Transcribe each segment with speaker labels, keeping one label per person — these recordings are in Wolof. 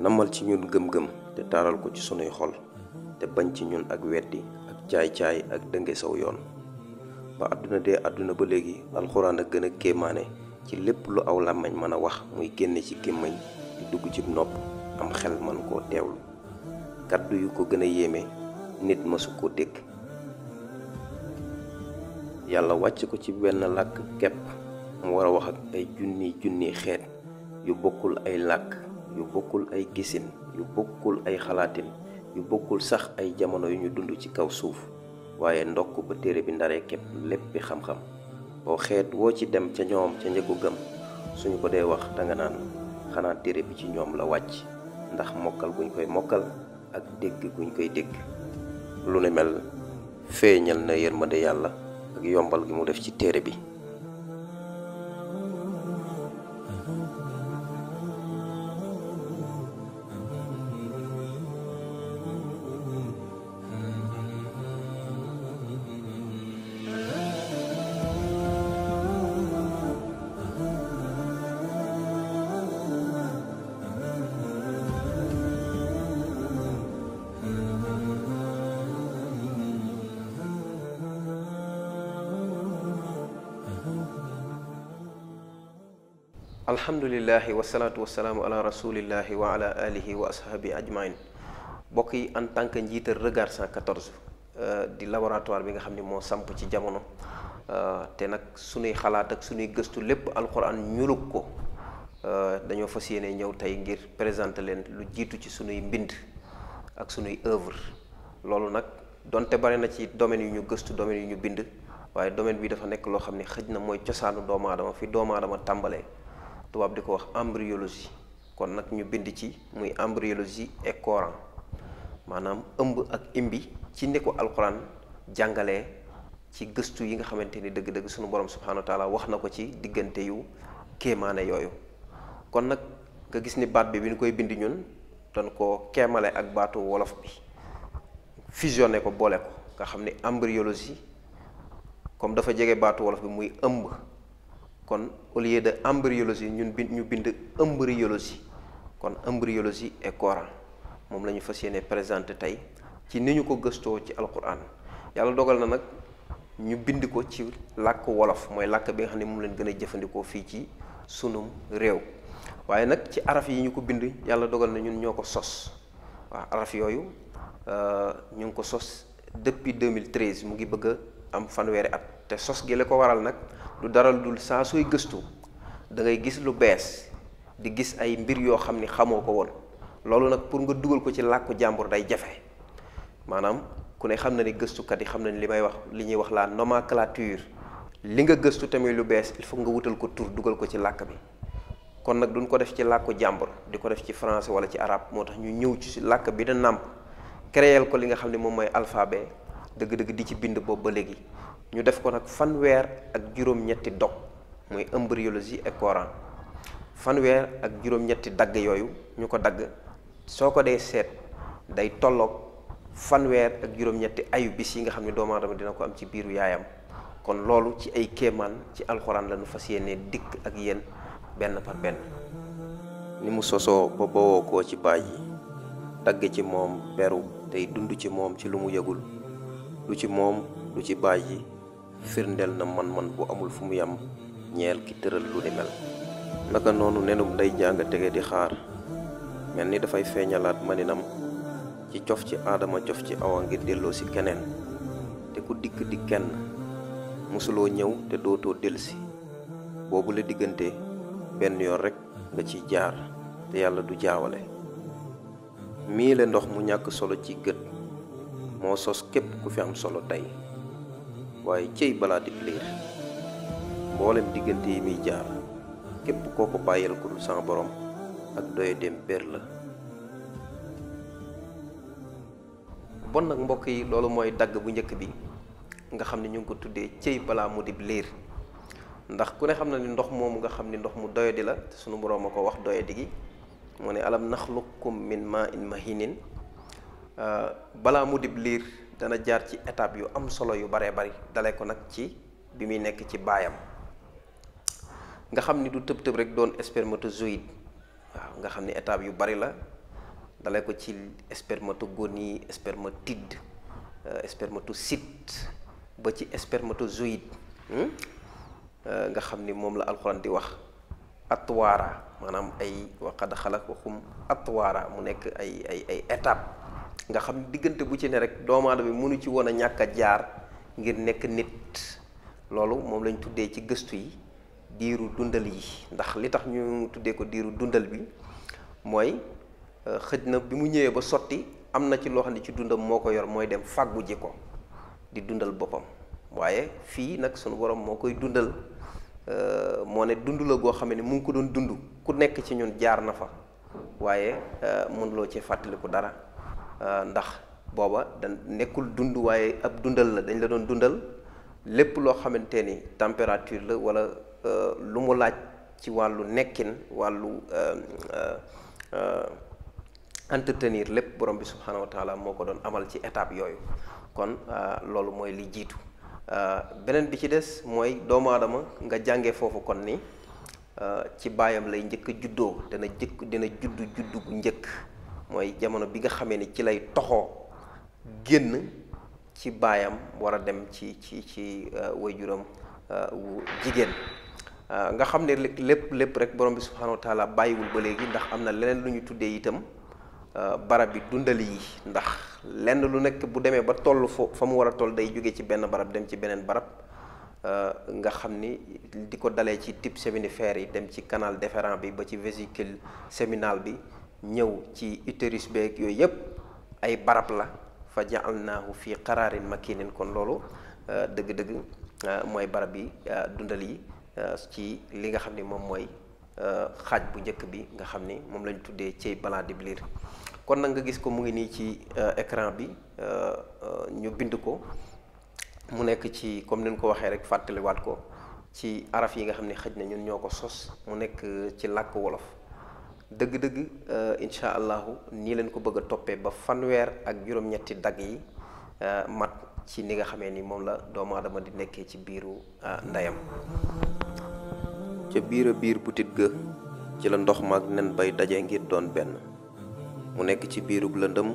Speaker 1: namal ci ñun gëm-gëm te taaral ko ci sunuy xol te bañ ci ñun ak weddi ak caay-caay ak dënge saw yoon ba àdduna dee àdduna ba léegi alxuraan a gën a kéemaane ci lépp lu aw làmmañ mën a wax muy génne ci gémmañ di dugg cib nopp am xel mën koo teewlu kàddu yu ko gën a yéeme nit mësu koo dégg yàlla wàcc ko ci wenn làkk kepp mu war a wax ak ay junniy junniy xeet yu bokkul ay làkk yu bokkul ay gisin yu bokkul ay xalaatin yu bokkul sax ay jamono yu ñu dund ci kaw suuf waaye ndokk ba téere bi ndaree képp léppi xam-xam boo xeet woo ci dem ca ñoom ca njëgu gëm suñu ko dee wax danga naan xanaa téere bi ci ñoom la wàcc ndax mokkal guñ koy mokkal ak dégg guñ koy dégg lu ne mel feeñal na yërmande yàlla ak yombal gi mu def ci téere bi alhamdulilahi wasalaatu wasalaamu ala rasulillahi wa ala alihi wa ashaabi ajmain mbokk yi en tant que njiital regard 114 euh, di laboratoire bi nga xam ni moo samp ci jamono euh, te nag suñuy xalaat ak suñuy gëstu lépp alquran ñulug ko euh, dañoo fas yéene ñëw tey ngir présenter leen lu jiitu ci suñuy mbind ak suñuy œuvre loolu nag donte bare na ci domaine yu ñu gëstu domaine yu ñu bind waaye domaine bi dafa nekk loo xam ne xëj na mooy cosaanu doomu aadama fi doomu aadama tubaab di ko wax embryologie kon nag ñu bind ci muy embryologie et Coran maanaam ëmb ak imbi ci ni ko alquran jàngale ci gëstu yi nga xamante ni dëgg-dëgg sunu borom subhanahu wa taala wax na ko ci diggante yu kéemaane yooyu kon nag nga gis ni baat bi bi ñu koy bind ñun dañ ko kéemale ak baatu wolof bi fusionné ko boole ko nga xam ni embryologie comme dafa jege baatu wolof bi muy ëmb kon au de embryologie ñun bind ñu bind embryologie kon embryologie et Coran moom la ñu fas yéene présenté tey ci ni ñu ko gëstoo ci alquran yàlla dogal na nag ñu bind ko ci làkk wolof mooy làkk bi nga xam ne moom lañ gën a jëfandikoo fii ci sunum réew waaye nag ci araf yi ñu ko bind yàlla dogal na ñun ñoo ko sos waaw araf yooyu euh, ñu ngi ko sos depuis 2013 mu ngi bëgg am fanweeri at te sos gi la ko waral nag du dara dul saa sooy gëstu da ngay gis lu bees di gis ay mbir yoo xam ne xamoo ko woon loolu nag pour nga dugal ko ci làkku jàmbur day jafe maanaam ku ne xam na ni gëstukat yi xam na li may wax li ñuy wax la nomenclature li nga gëstu tamit lu bees il faut nga wutal ko tur dugal ko ci làkk bi kon nag duñ ko def ci làkku jàmbur di ko def ci français wala ci arab moo tax ñu ñëw ci làkk bi da nàmp créer ko li nga xam ne moom mooy alphabet dëgg-dëgg di ci bind boobu ba léegi ñu def ko nag fanweer ak juróom-ñetti dog muy embryologie et fanweer ak juróom-ñetti dagg yooyu ñu ko dagg soo ko dee seet day tolloog fanweer ak juróom-ñetti ayu bis yi nga xam ne doomu aadama dina ko am ci biiru yaayam kon loolu ci ay kéemaan ci alxuraan la ñu fas yéene dikk ak yenn benn par benn. ni mu sosoo ba bawoo koo ci baay yi dagg ci moom beru tey dund ci moom ci lu mu yëgul lu ci moom lu ci baay yi firndeel na man-man bu amul fu mu yam ñeel ki tëral lu ni mel naka noonu nenum nday jàng tege di xaar mel ni dafay feeñalaat maninam ci cof ci aadama cof ci awa ngir delloo si keneen te ku dikk di kenn mosuloo ñëw te dootoo delsi boobu la diggante benn yoon rekk nga ci jaar te yàlla du jaawale mii ndox mu ñàkk solo ci gët moo sos képp ku fi am solo tey waaye cey balaa di pliir mboolem diggante yi muy jaar képp koo bàyyil ku dul sama boroom ak doye dem la bon nag mbokk yi loolu mooy dagg bu njëkk bi nga xam ne ñu ngi ko tuddee cey balaa mu di liir ndax ku ne xam na ni ndox moomu nga xam ni ndox mu doyadi la te sunu boroom a ko wax doyadi gi mu ne alam naxluqkum min ma in mahinin ah, balaa mu dib liir dana jaar ci étape yu am solo yu baree bari dale ko nag ci bi muy nekk ci baayam nga xam ni du tëb tëb rek doon spermatozoïde waaw nga xam ni étape yu bari la dale ko ci spermatogonie spermatide euh, spermatocyte ba ci spermatozoïde hmm? euh, nga xam ni moom la alxuraan di wax atwaara maanaam ay waqad xalaqakum atwaara mu nekk ay ay ay étape nga xam diggante bu ci ne rek doomu aadama bi mënu ci woon a ñàkk jaar ngir nekk nit loolu moom lañ tuddee ci gëstu yi diiru dundal yi ndax li tax ñu tuddee ko diiru dundal bi mooy euh, xëj na bi mu ñëwee ba sotti am na ci loo xam ne ci dundam moo ko yor mooy dem fàggu ji ko di dundal boppam waaye fii nag sunu borom moo koy dundal euh, moo ne dund la goo xam ne mu ngi ko doon dund ku nekk ci ñun jaar na fa waaye euh, mënuloo ci fàttaliku dara Euh, ndax booba da nekkul dund waaye ab dundal la dañ la doon dundal lépp loo xamante ni température la walla euh, lu mu laaj ci wàllu nekkin wàllu euh, entretenir lépp borom bi subhaanahu wa moo ko doon amal ci étape yooyu kon loolu mooy li jiitu beneen bi ci des mooy doomu aadama nga jànge foofu kon ni ci baayam lay njëkk a juddoo dana jëkk dina judd juddu gu njëkk mooy jamono bi nga xamee ni ci lay toxoo génn ci baayam war a dem ci ci ci euh, waajuram euh, wu jigéen euh, nga xam ne lépp lépp rek borom bi subhaanahu wa bàyyiwul ba léegi ndax am na leneen lu ñu tuddee itam barab bi dundali ndax lenn lu nekk bu demee ba toll fo fa mu war a toll day jóge ci benn barab dem ci beneen barab nga xam ni di ko dalee ci type séminifère yi dem ci canal déférent bi ba ci vésicule séminal bi ñëw ci utérus beeg yooyu yëpp ay barab la fa ja'alnaahu fi qaraarin makinin kon loolu euh, dëgg-dëgg euh, mooy barab bi euh, dundal yi ci li nga xam ni moom mooy xaaj bu njëkk bi nga xam ni moom lañu tuddee ci balaa di bilir kon nag nga gis ko mu ngi nii ci écran bi ñu bind ko mu nekk ci comme ni ko waxee rek fàttaliwaat ko ci araf yi nga xam ne xëj na ñun ñoo ko sos mu nekk ci làkk wolof dëgg-dëgg euh, incha nii leen ko bëgg a toppee ba fanweer ak juróom-ñetti dagg yi euh, mat ci ni nga xamee ni moom la doomu aadama di nekkee ci biiru euh, ndeyam ca biir biir butit ga ci la ndox maag nen bay daje ngir doon benn mu nekk ci biirub lëndëm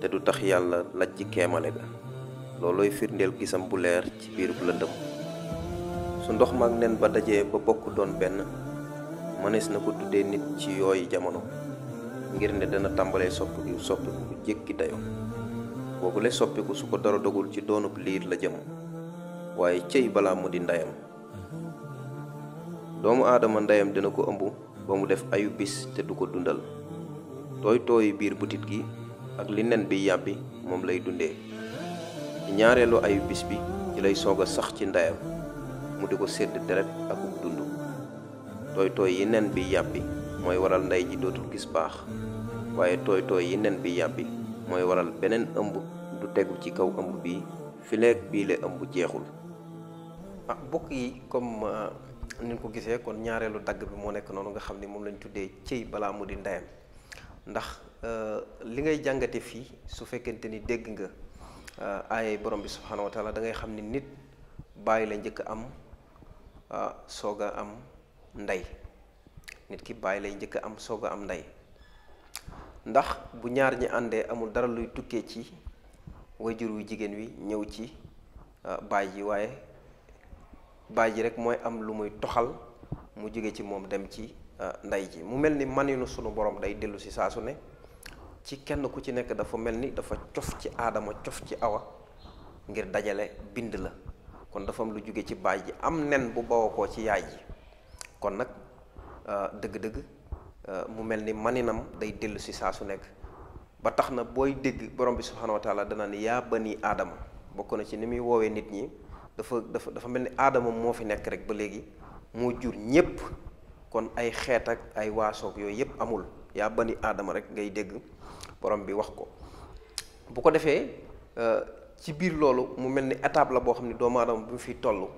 Speaker 1: te du tax yàlla laj ci ga loolooy firndeel gisam bu leer ci biirub lëndëm su ndox maag nen ba dajee ba bokk doon benn mënees na ko tuddee nit ci yooyu jamono ngir ne dana tàmbalee soppiku soppiku bu jékki dayo boobu la soppiku su ko dara dogul ci doonub liir la jëm waaye cëy balaa mu di ndeyam doomu aadama ndeyam dina ko ëmb ba mu def ayu bis te du ko dundal tooy tooyu biir butit gi ak li nen bi yàbbi moom lay dundee ci ñaareelu ayu bis bi ci lay soog a sax ci ndeyam mu di ko sédd deret ak tooy-tooy yi nen bi yàbbi mooy waral ndey ji dootul gis baax waaye tooy-tooy yi nen bi yàbbi mooy waral beneen ëmb du tegu ci kaw ëmb bi fileeg bii la ëmb jeexul. ah bokk yi comme euh, ni ko gisee kon ñaareelu dagg bi moo nekk noonu nga xam ni moom lañu tuddee cëy balaa mu di ndeyam ndax euh, li ngay jàngate fii su fekkente ni dégg nga euh, ay borom bi subxanahu wa taala xam ni nit bàyyi la njëkk am sooga am. ndey nit ki bàyyi lay njëkk am soog a am ndey ndax bu ñaar ñi àndee amul dara luy tukkee ci wajur wu jigéen wi ñëw ci ah, baay waaye baay ji rek mooy am lu muy toxal mu jóge ci moom dem ci ah, ndey ji mu mel ni maninu sunu borom day dellusi si saa su ne ci kenn ku ci nekk dafa mel ni dafa cof ci aadama cof ci awa ngir dajale bind la kon dafa am lu jóge ci baay ji am nen bu bawoo ko ci yaay ji kon nag euh, dëgg-dëgg euh, mu mel ni maninam day dellu si saa su nekk ba tax na booy dégg borom bi subhaanahu wa taala dana ne yaa bani aadama bokk na ci ni muy woowee nit ñi dafa dafa dafa mel ni aadama moo fi nekk rek ba léegi moo jur ñépp kon ay xeet ak ay waasoog yooyu yépp amul yaa bani aadama rek ngay dégg borom bi wax ko bu ko defee euh, ci biir loolu mu mel ni étape la boo xam ne doomu aadama bi mu fiy toll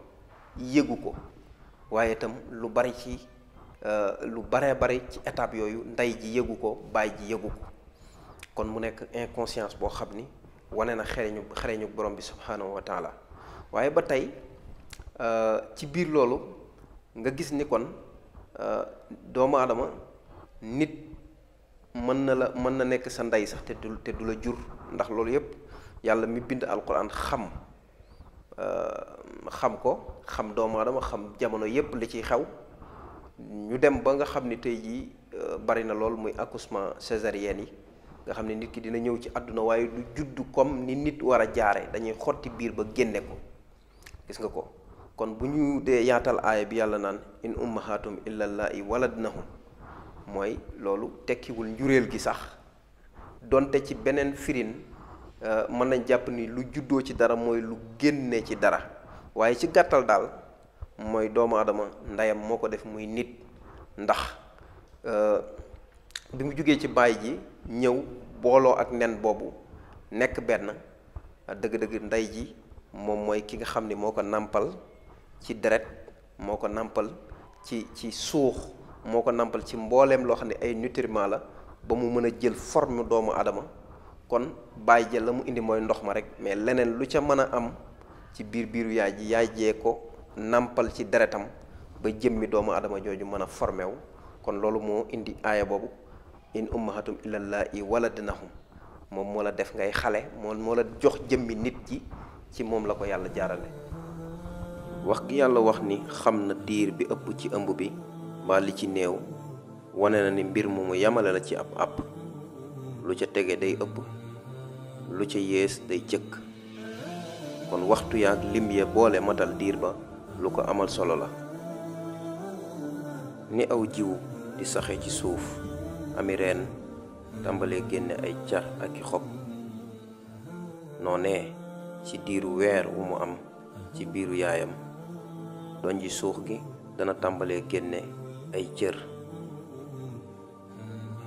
Speaker 1: yëgu ko waaye itam lu bari ci euh, lu baree bari ci étape yooyu ndey ji yëgu ko baay ji yëgu ko kon mu nekk inconscience boo xam ni wane na xereñu xereñu borom bi subhaanahu wa taala waaye ba tey euh, ci biir loolu nga gis ni kon euh, doomu aadama nit mën na la mën na nekk sa ndey sax te du te du la jur ndax loolu yépp yàlla mi bind alquran xam Euh, xam ko xam doomu dama xam jamono yépp li ciy xew ñu dem ba nga xam ni tey jii euh, bari na lool muy accouchement césarienne yi nga xam ne nit ki dina ñëw ci àdduna waaye du judd comme ni nit war a jaare dañuy xotti biir ba génne ko gis nga ko kon bu ñu dee yaatal aaya bi yàlla naan in ummahatum illa llaahi waladnahum mooy loolu tekkiwul njuréel gi sax donte ci beneen firin Euh, mën nañ jàpp ni lu juddoo ci dara mooy lu génne ci dara waaye ci gàttal daal mooy doomu adama ndeyam moo ko def muy nit ndax euh, bi mu jógee ci baay ji ñëw booloo ak nen boobu nekk benn dëgg-dëgg ndey ji moom mooy ki nga xam ni moo ko nàmpal ci deret moo ko nàmpal ci ci suux moo ko nàmpal ci mbooleem loo xam ne ay nutriments la ba mu mën a jël forme doomu adama kon bàyyi ja la mu indi mooy ndox ma rek mais leneen lu ca mën a am ci biir biiru yaay ji yaay jee ko nàmpal ci deretam ba jëmmi doomu adama jooju mën a formé wu kon loolu moo indi aaya boobu in ummahatum illallah i waladnahum moom moo la def ngay xale moom moo la jox jëmmi nit ji ci moom la ko yàlla jaarale wax gi yàlla wax ni xam na diir bi ëpp ci ëmb bi mbaa li ci néew wane na ni mbir moomu yamale la ci ab àpp lu ca tege day ëpp lu ci yées day jëkk kon waxtu yaak lim ya boole matal diir ba lu ko amal solo la ni aw jiw di soxe ci suuf ami reen tàmbalee génne ay car ak i xob noonee ci diiru weer wu mu am ci biiru yaayam doñ ji suux gi dana tàmbalee génne ay cër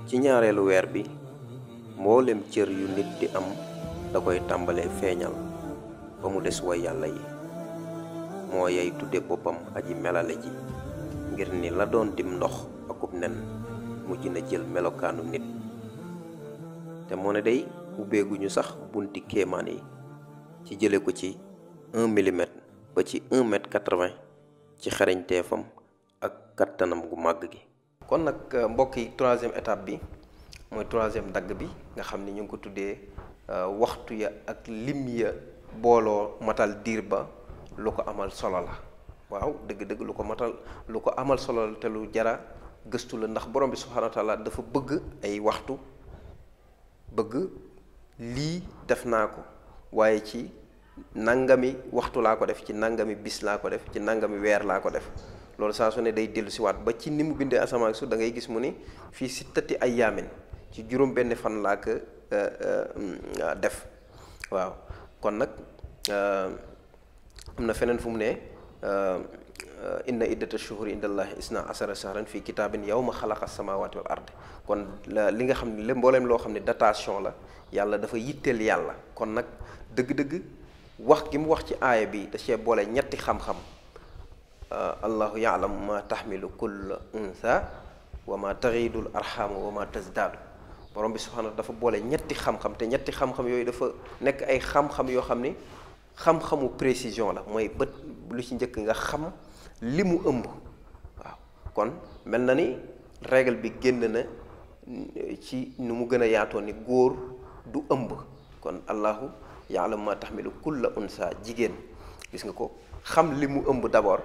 Speaker 1: ci ñaareelu weer bi mboolem cër yu nit di am da koy tàmbalee feeñal ba mu des way yàlla yi moo yay tudde boppam aji melale ji ngir ni la doon dim ndox akub nen mujj na jël melokaanu nit te moo ne day ubbeeguñu sax bunti kéemaan yi ci jële ko ci 1 ba ci 1 mètre 80 ci xarañteefam ak kattanam gu màgg gi kon nag mbokk yi troisième étape bi mooy troisième dagg bi nga xam ne ñu ngi ko tuddee Euh, waxtu ya ak lim ya booloo matal diir ba lu ko amal solo la waaw dëgg-dëgg lu ko matal lu ko amal solo la te lu jara gëstu la ndax borom bi subhaanahu wa dafa bëgg ay waxtu bëgg lii def naa ko waaye ci nangami waxtu laa ko def ci nangami bis laa ko def ci nangami weer laa ko def loolu saa su ne day dellu siwaat ba ci ni mu bindee asamaan su dangay gis mu ni fii sittati ay yaamin ci juróom benn fan laa ko euh, euh, mm, def waaw kon nag euh, am na feneen fu mu ne inna iddata shuhuri inda allahi isna asara shahran fii kitaabin yawma xalaqa samawati wal ard kon li nga xam ne mbooleem loo xam ne datation la yàlla dafa yitteel yàlla kon nag dëgg-dëgg wax gi mu wax ci aaya bi da cee boole ñetti xam-xam allahu ya'lamu ma taxmilu kullu untha wa ma taxiidul arxaamu wa ma tazdaadu borom bi subhaanahu dafa boole ñetti xam-xam te ñetti xam-xam yooyu dafa nekk ay xam-xam yoo xam ni xam-xamu précision la mooy bët lu ci njëkk nga xam li mu ëmb waaw kon mel na ni règle bi génn na ci nu mu gën a yaatoo ni góor du ëmb kon allahu ya'lamu ma tahmilu kulla unsa jigéen gis nga ko xam li mu ëmb d'abord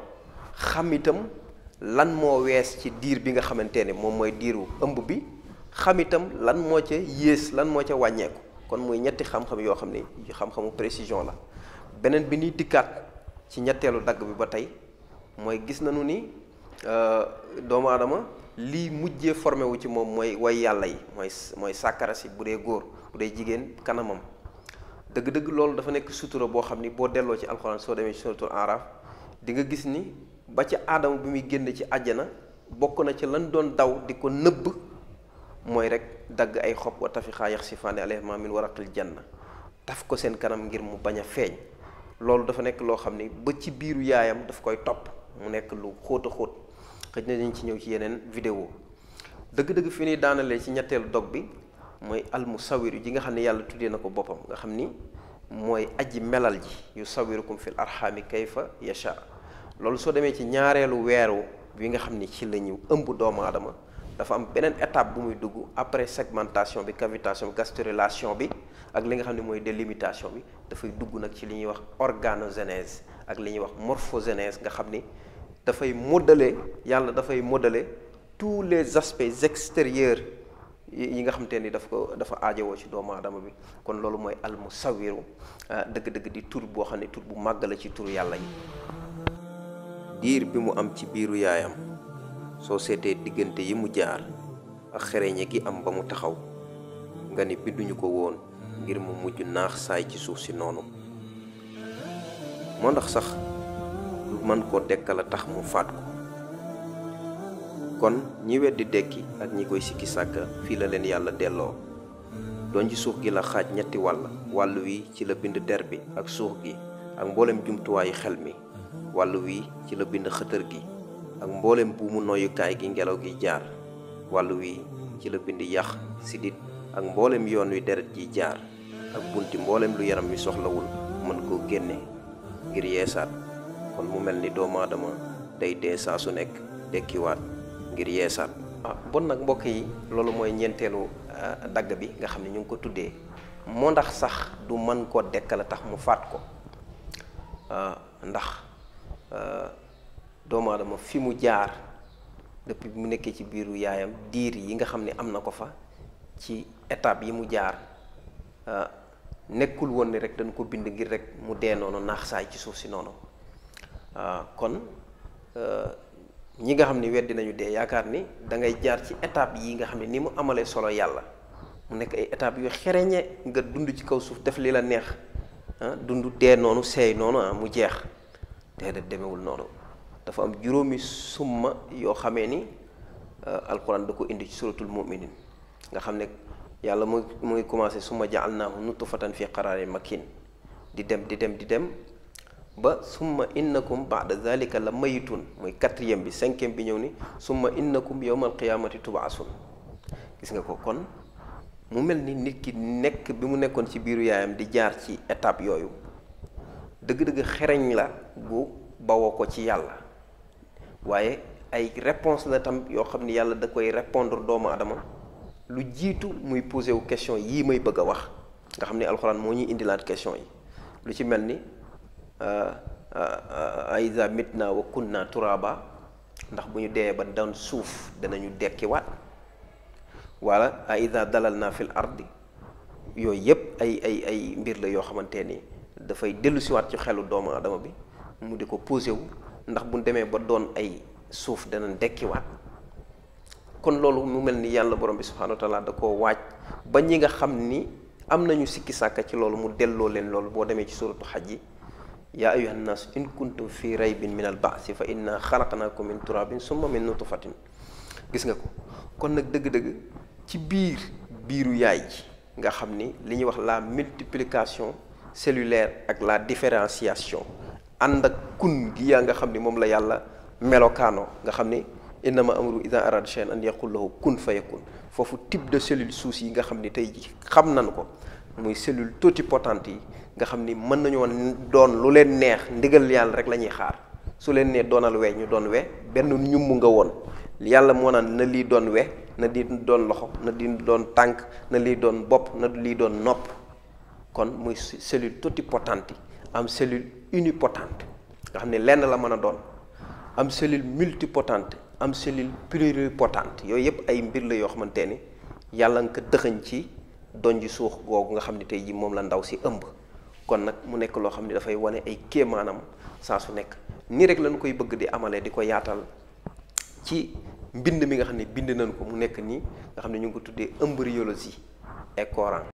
Speaker 1: xam itam lan moo wees ci diir bi nga xamante ne moom mooy diiru ëmb bi xam itam lan moo ca yées lan moo ca wàññeeku kon muy ñetti xam-xam yoo xam ni xam-xamu précision la beneen bi ñuy dikkaat ci ñetteelu dagg bi ba tey mooy gis nañu ni euh, doomu aadama lii mujjee formé wu ci moom mooy way yàlla yi mooy mooy sàkkara bu dee góor bu dee jigéen kanamam dëgg-dëgg loolu dafa nekk sutura boo xam ni boo delloo ci alxuraan soo demee ci suratul araf di nga gis ni ba ci aadama bi muy génn ci àjjana bokk na ci lan doon daw di ko nëbb mooy rek dagg ay xob wa tafixaa yax sifaani alayhima min waraqil janna taf ko seen kanam ngir mu bañ a feeñ loolu dafa nekk loo xam ni ba ci biiru yaayam daf koy topp mu nekk lu xóot a xóot xëj na dañ ci ñëw ci yeneen vidéo dëgg-dëgg fi ñuy daanale ci ñetteelu dog bi mooy almu sawiru ji nga xam ne yàlla tuddee na ko boppam nga xam ni mooy aji melal ji yu sawirukum fil arxaami kayfa yasha loolu soo demee ci ñaareelu weeru bi nga xam ni ci la ñu ëmb doomu aadama dafa am beneen étape bu muy dugg après segmentation bi cavitation bi gastrulation bi ak li nga xam ne mooy délimitation bi dafay dugg nag ci li ñuy wax organo organogenèse ak li ñuy wax morphogenèse nga xam ni dafay modeler yàlla dafay modeler tous les aspects extérieurs yi nga xamante ni daf ko dafa aajowoo ci doomu adama bi kon loolu mooy almusawiru ah, dëgg-dëgg di tur boo xam ne tur bu màgg la ci turu yàlla yi diir bi mu am ci biiru yaayam soo seetee diggante yi mu jaar ak xereñe gi am ba mu taxaw nga ni binduñu ko woon ngir mu mujj naax saay ci suuf si noonu moo ndax sax lu mën koo dekkal a tax mu faat ko kon ñi weddi dekki ak ñi koy sikki sàkka fii la leen yàlla delloo doon ci suuf gi la xaaj ñetti wàll wàll wi ci la bind der bi ak suuf gi ak mboolem jumtuwaayu xel mi wàll wi ci la bind xëtër gi ak mboolem buumu noyukaay gi ngelaw gi jaar wàll wi ci la bind yax sidit ak mboolem yoon wi deret ji jaar ak bunti mboolem lu yaram wi soxlawul mën koo génne ngir yeesaat kon mu mel ni doomu aadama day dee saa su nekk dekkiwaat ngir yeesaat. Ah, bon nag mbokk yi loolu mooy ñeenteelu ah, dagg bi nga xam ne ñu ngi ko tuddee moo ndax sax du mën koo dekkal a tax mu faat ko ah, ndax. doomu aadama fi mu jaar depuis bi mu nekkee ci biiru yaayam diir yi nga xam ne am na ko fa ci étape yi mu jaar ah, nekkul woon ni rek dañ ko bind ngir rek mu dee noonu naax saay ci suuf si noonu ah, kon ah, ñi nga xam ne weddi nañu dee yaakaar ni da ngay jaar ci étape yi nga xam ne ni mu amalee solo yàlla mu nekk ay étape yu xereñe nga dund ci kaw suuf def li la neex dund dee noonu seey noonu ah mu jeex te def demewul noonu dafa am juróomi summa yoo xamee ni euh, alquran da ko indi ci suratul muminin nga xam ne yàlla mu mu ngi commencé summa jaalnaahu fatan fi qaraari makin di dem di dem di dem ba summa innakum de zalika la mayitun mooy quatrième bi cinquième bi ñëw ni summa innakum yowmal qiyaamati tubaasun gis nga ko kon mu mel ni nit ki nekk bi mu nekkoon ci biiru yaayam di jaar ci étape yooyu dëgg-dëgg xereñ la bu bawoo ko ci yàlla waaye ay réponse la tam yoo xam ni yàlla da koy répondre doomu adama lu jiitu muy posé wu question yii may bëgg a wax nga xam ni alxuraan moo ñuy indilaat question yi lu ci mel ni euh, euh, euh, aiza mitna wa kunna turaba ndax bu ñu dee ba doon suuf danañu dekkiwaat wala aiza dalal naa fil ardi yooyu yëpp ay ay ay mbir la yoo xamante ni dafay dellusiwaat ci xelu doomu adama bi mu di ko posé wu ndax bu demee ba doon ay suuf danañ dekkiwaat kon loolu mu mel ni yàlla borom bi subhaanahu wa da koo waaj ba ñi nga xam ni am nañu sikki sàkka ci loolu mu delloo leen loolu boo demee ci suratu xaj yi yaa ayuha nnaas in kuntum fi raybin min al baasi fa na inna xalaqnaakum min turabin summa min nutfatin gis nga ko kon nag dëgg-dëgg ci biir biiru yaay ji nga xam ni li ñuy wax la multiplication cellulaire ak la différenciation ànd ak kun gi yaa nga xam ni moom la yàlla melokaano nga xam ni innama amru ida arada shay'an an yaqul lahu kun fayakun foofu type de cellule souche yi nga xam ni tey ji xam nañ ko muy cellule totipotente yi nga xam ni mën nañoo doon lu leen neex ndigal yàlla rek lañuy xaar su leen nee doonal we ñu doon we benn ñummu nga woon yàlla moo naan na lii doon we na di doon loxo na di doon tànk na lii doon bopp na lii doon nopp kon muy cellule totipotente am cellule unipotente nga xam ne lenn la mën a doon am cellule multipotente am cellule pluripotente yooyu yëpp ay mbir la yoo xamante ni yàlla nga ko dëxañ ci donji suux googu nga xam ne tey jii moom la ndaw si ëmb kon nag mu nekk loo xam ne dafay wane ay kéemaanam saa su nekk nii rek lañ koy bëgg di amalee di ko yaatal ci mbind mi nga xam ne bind nañ ko mu nekk nii nga xam ne ñu ngi ko tuddee embryologie et Coran